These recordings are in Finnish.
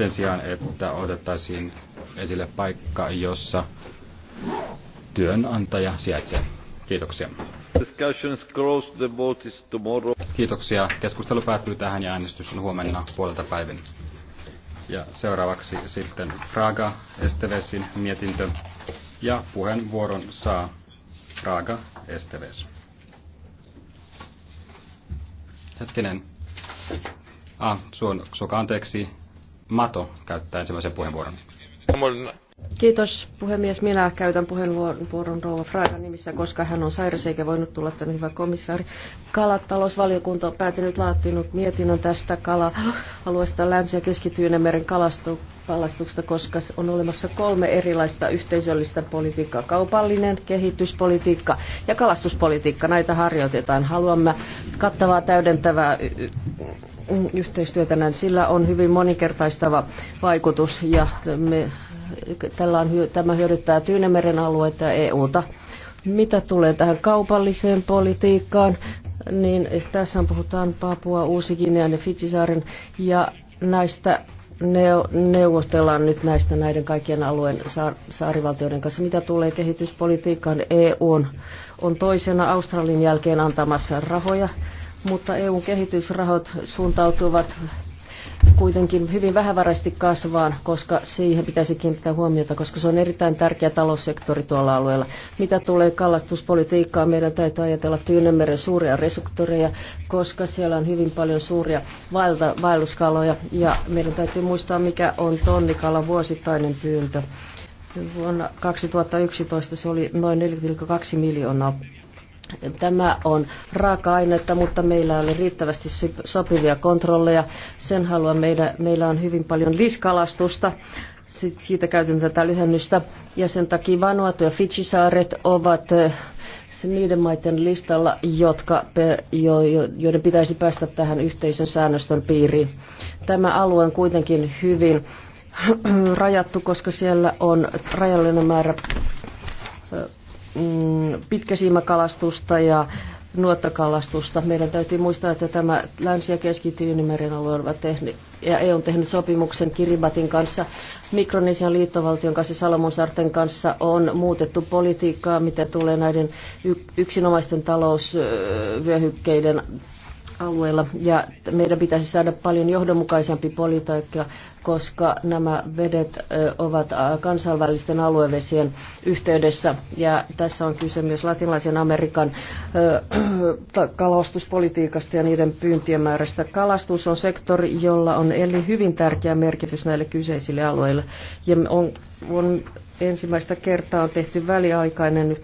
sen sijaan, että otettaisiin esille paikka, jossa työnantaja sijaitsee. Kiitoksia. Kiitoksia. Keskustelu päättyy tähän ja äänestys on huomenna puolelta päivin. Ja seuraavaksi sitten Fraga Estevesin mietintö ja puheenvuoron saa Fraga Esteves. Hetkinen. Ah, suon, suoka anteeksi. Mato käyttää ensimmäisen puheenvuoron. Kiitos puhemies. Minä käytän puheenvuoron Rouva Fragan nimissä, koska hän on sairas eikä voinut tulla tänne hyvä komissaari. Kalatalousvaliokunta on päätynyt laatinut mietinnön tästä kala-alueesta Länsi- ja keski meren kalastuksesta, koska on olemassa kolme erilaista yhteisöllistä politiikkaa. Kaupallinen, kehityspolitiikka ja kalastuspolitiikka. Näitä harjoitetaan. Haluamme kattavaa täydentävää yhteistyötä, sillä on hyvin moninkertaistava vaikutus ja me tällä on, tämä hyödyttää Tyynemeren alueita ja EUta. Mitä tulee tähän kaupalliseen politiikkaan, niin tässä puhutaan Papua, Uusi ja Fitsisaaren ja näistä neuvostellaan nyt näistä näiden kaikkien alueen saarivaltioiden kanssa. Mitä tulee kehityspolitiikkaan, EU on, on toisena Australian jälkeen antamassa rahoja, mutta EUn kehitysrahat suuntautuvat kuitenkin hyvin vähävaraisesti kasvaan, koska siihen pitäisi kiinnittää huomiota, koska se on erittäin tärkeä taloussektori tuolla alueella. Mitä tulee kalastuspolitiikkaan, meidän täytyy ajatella Tyynemeren suuria resuktoreja, koska siellä on hyvin paljon suuria vaelta, vaelluskaloja ja meidän täytyy muistaa, mikä on tonnikala vuosittainen pyyntö. Vuonna 2011 se oli noin 4,2 miljoonaa Tämä on raaka-ainetta, mutta meillä ei ole riittävästi sopivia kontrolleja. Sen haluan, meillä, meillä on hyvin paljon liskalastusta. Siitä käytän tätä lyhennystä. Ja sen takia Vanuatu ja Fidžisaaret ovat eh, niiden maiden listalla, jotka, joiden pitäisi päästä tähän yhteisön säännöstön piiriin. Tämä alue on kuitenkin hyvin rajattu, koska siellä on rajallinen määrä eh, Mm, pitkäsiimäkalastusta ja nuottakalastusta. Meidän täytyy muistaa, että tämä Länsi- ja Keski-Tyynimeren alue on tehnyt, ja EU on tehnyt sopimuksen Kiribatin kanssa, Mikronesian liittovaltion kanssa Salomonsaarten kanssa on muutettu politiikkaa, mitä tulee näiden yksinomaisten talousvyöhykkeiden alueilla ja meidän pitäisi saada paljon johdonmukaisempi politiikka, koska nämä vedet ovat kansainvälisten aluevesien yhteydessä ja tässä on kyse myös latinalaisen Amerikan kalastuspolitiikasta ja niiden pyyntien määrästä. Kalastus on sektori, jolla on eli hyvin tärkeä merkitys näille kyseisille alueille ja on, on ensimmäistä kertaa on tehty väliaikainen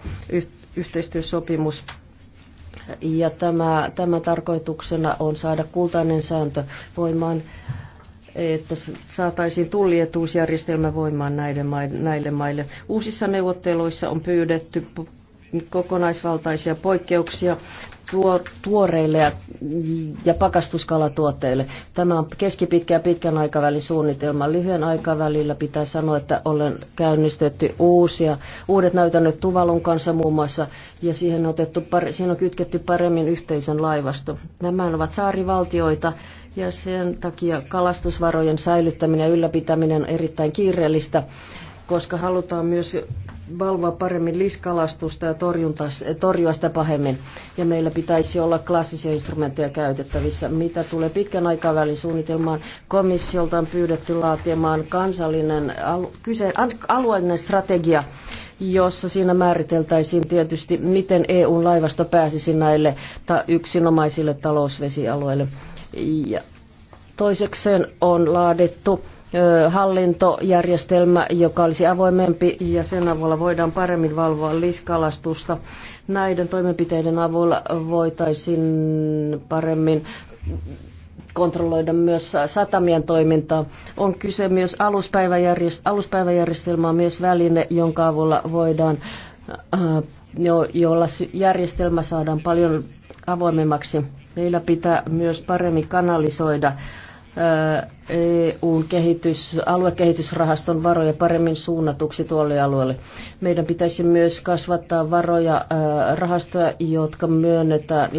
yhteistyösopimus ja tämä, tämä tarkoituksena on saada kultainen sääntö voimaan, että saataisiin tullietuusjärjestelmä voimaan näille maille. Uusissa neuvotteluissa on pyydetty kokonaisvaltaisia poikkeuksia tuoreille ja, ja pakastuskalatuotteille. Tämä on keskipitkä ja pitkän aikavälin suunnitelma. Lyhyen aikavälillä pitää sanoa, että olen käynnistetty uusia, uudet näytännöt Tuvalun kanssa muun muassa, ja siihen on, otettu, siihen on kytketty paremmin yhteisön laivasto. Nämä ovat saarivaltioita, ja sen takia kalastusvarojen säilyttäminen ja ylläpitäminen on erittäin kiireellistä koska halutaan myös valvoa paremmin liskalastusta ja torjua sitä pahemmin. Ja meillä pitäisi olla klassisia instrumentteja käytettävissä. Mitä tulee pitkän aikavälin suunnitelmaan, komissiolta on pyydetty laatimaan kansallinen alueellinen strategia, jossa siinä määriteltäisiin tietysti, miten EUn laivasto pääsisi näille ta- yksinomaisille talousvesialueille. Ja toisekseen on laadittu hallintojärjestelmä, joka olisi avoimempi ja sen avulla voidaan paremmin valvoa liskalastusta. Näiden toimenpiteiden avulla voitaisiin paremmin kontrolloida myös satamien toimintaa. On kyse myös aluspäiväjärjestelmä, aluspäiväjärjestelmä on myös väline, jonka avulla voidaan, jo, jolla järjestelmä saadaan paljon avoimemmaksi. Meillä pitää myös paremmin kanalisoida äh, EUn kehitys, aluekehitysrahaston varoja paremmin suunnatuksi tuolle alueelle. Meidän pitäisi myös kasvattaa varoja rahastoja, jotka myönnetään,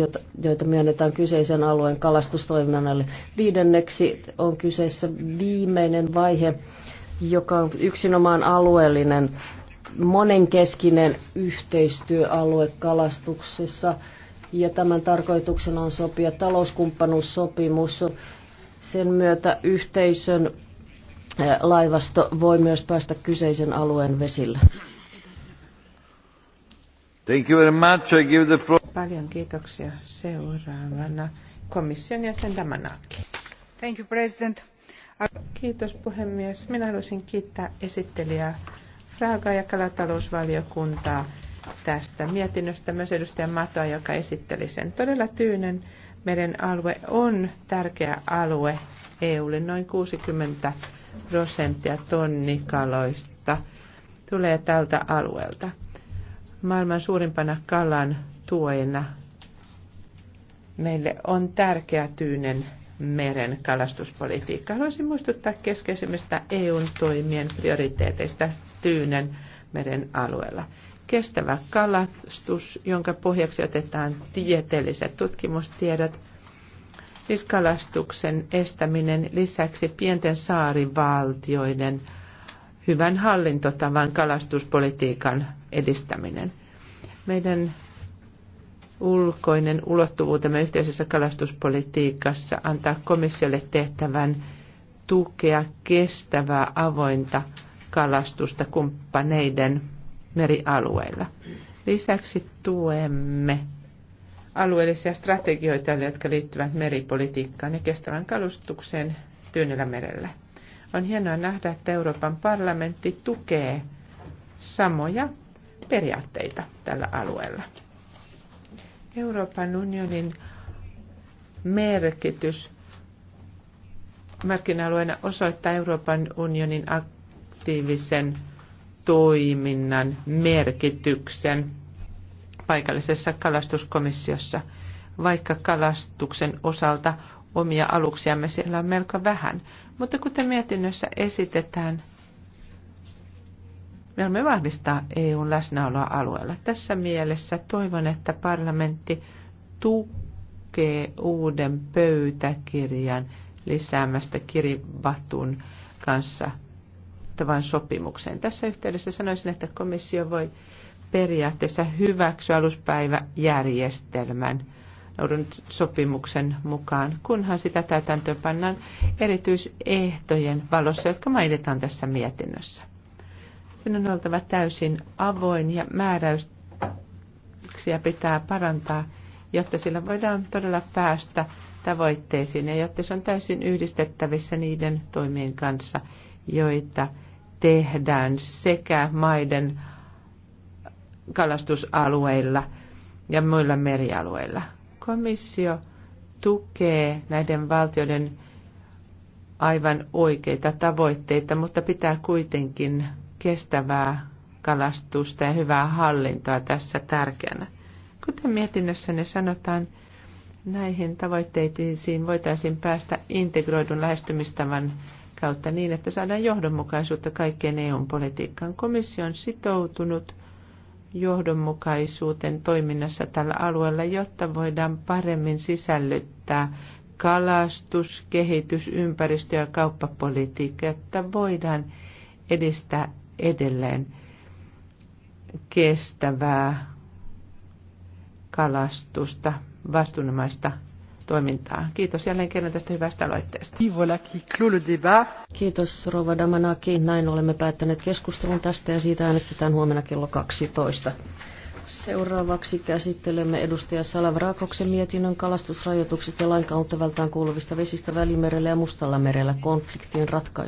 joita myönnetään kyseisen alueen kalastustoiminnalle. Viidenneksi on kyseessä viimeinen vaihe, joka on yksinomaan alueellinen, monenkeskinen yhteistyöalue kalastuksessa. Ja tämän tarkoituksena on sopia talouskumppanuussopimus sen myötä yhteisön laivasto voi myös päästä kyseisen alueen vesillä. Thank you very much. I give the floor. Paljon kiitoksia. Seuraavana komission jäsen Damanaki. Thank you, President. Kiitos puhemies. Minä haluaisin kiittää esittelijää Fraga ja kalatalousvaliokuntaa tästä mietinnöstä, myös edustaja Matoa, joka esitteli sen. Todella tyynen Meren alue on tärkeä alue EUlle. Noin 60 prosenttia tonnikaloista tulee tältä alueelta. Maailman suurimpana kalan tuojena meille on tärkeä tyynen meren kalastuspolitiikka. Haluaisin muistuttaa keskeisimmistä EUn toimien prioriteeteista Tyynen meren alueella kestävä kalastus, jonka pohjaksi otetaan tieteelliset tutkimustiedot, siis kalastuksen estäminen lisäksi pienten saarivaltioiden hyvän hallintotavan kalastuspolitiikan edistäminen. Meidän ulkoinen ulottuvuutemme yhteisessä kalastuspolitiikassa antaa komissiolle tehtävän tukea kestävää avointa kalastusta kumppaneiden merialueilla. Lisäksi tuemme alueellisia strategioita, jotka liittyvät meripolitiikkaan ja kestävän kalustukseen Tyynellä merellä. On hienoa nähdä, että Euroopan parlamentti tukee samoja periaatteita tällä alueella. Euroopan unionin merkitys markkina-alueena osoittaa Euroopan unionin aktiivisen toiminnan merkityksen paikallisessa kalastuskomissiossa, vaikka kalastuksen osalta omia aluksiamme siellä on melko vähän. Mutta kuten mietinnössä esitetään, me olemme vahvistaa EUn läsnäoloa alueella. Tässä mielessä toivon, että parlamentti tukee uuden pöytäkirjan lisäämästä kirivatun kanssa kattavaan sopimukseen. Tässä yhteydessä sanoisin, että komissio voi periaatteessa hyväksyä aluspäiväjärjestelmän sopimuksen mukaan, kunhan sitä täytäntöön pannaan erityisehtojen valossa, jotka mainitaan tässä mietinnössä. Sen on oltava täysin avoin ja määräyksiä pitää parantaa, jotta sillä voidaan todella päästä tavoitteisiin ja jotta se on täysin yhdistettävissä niiden toimien kanssa, joita tehdään sekä maiden kalastusalueilla ja muilla merialueilla. Komissio tukee näiden valtioiden aivan oikeita tavoitteita, mutta pitää kuitenkin kestävää kalastusta ja hyvää hallintoa tässä tärkeänä. Kuten ne sanotaan, näihin tavoitteisiin voitaisiin päästä integroidun lähestymistavan kautta niin, että saadaan johdonmukaisuutta kaikkeen EU-politiikkaan. Komissio on sitoutunut johdonmukaisuuteen toiminnassa tällä alueella, jotta voidaan paremmin sisällyttää kalastus, kehitys, ympäristö- ja kauppapolitiikka, että voidaan edistää edelleen kestävää kalastusta, vastuunomaista toimintaa. Kiitos jälleen kerran tästä hyvästä aloitteesta. Kiitos Rova Damanaki. Näin olemme päättäneet keskustelun tästä ja siitä äänestetään huomenna kello 12. Seuraavaksi käsittelemme edustaja Raakoksen mietinnön kalastusrajoitukset ja lainkaan kuuluvista vesistä Välimerellä ja Mustalla merellä konfliktien ratkaisu.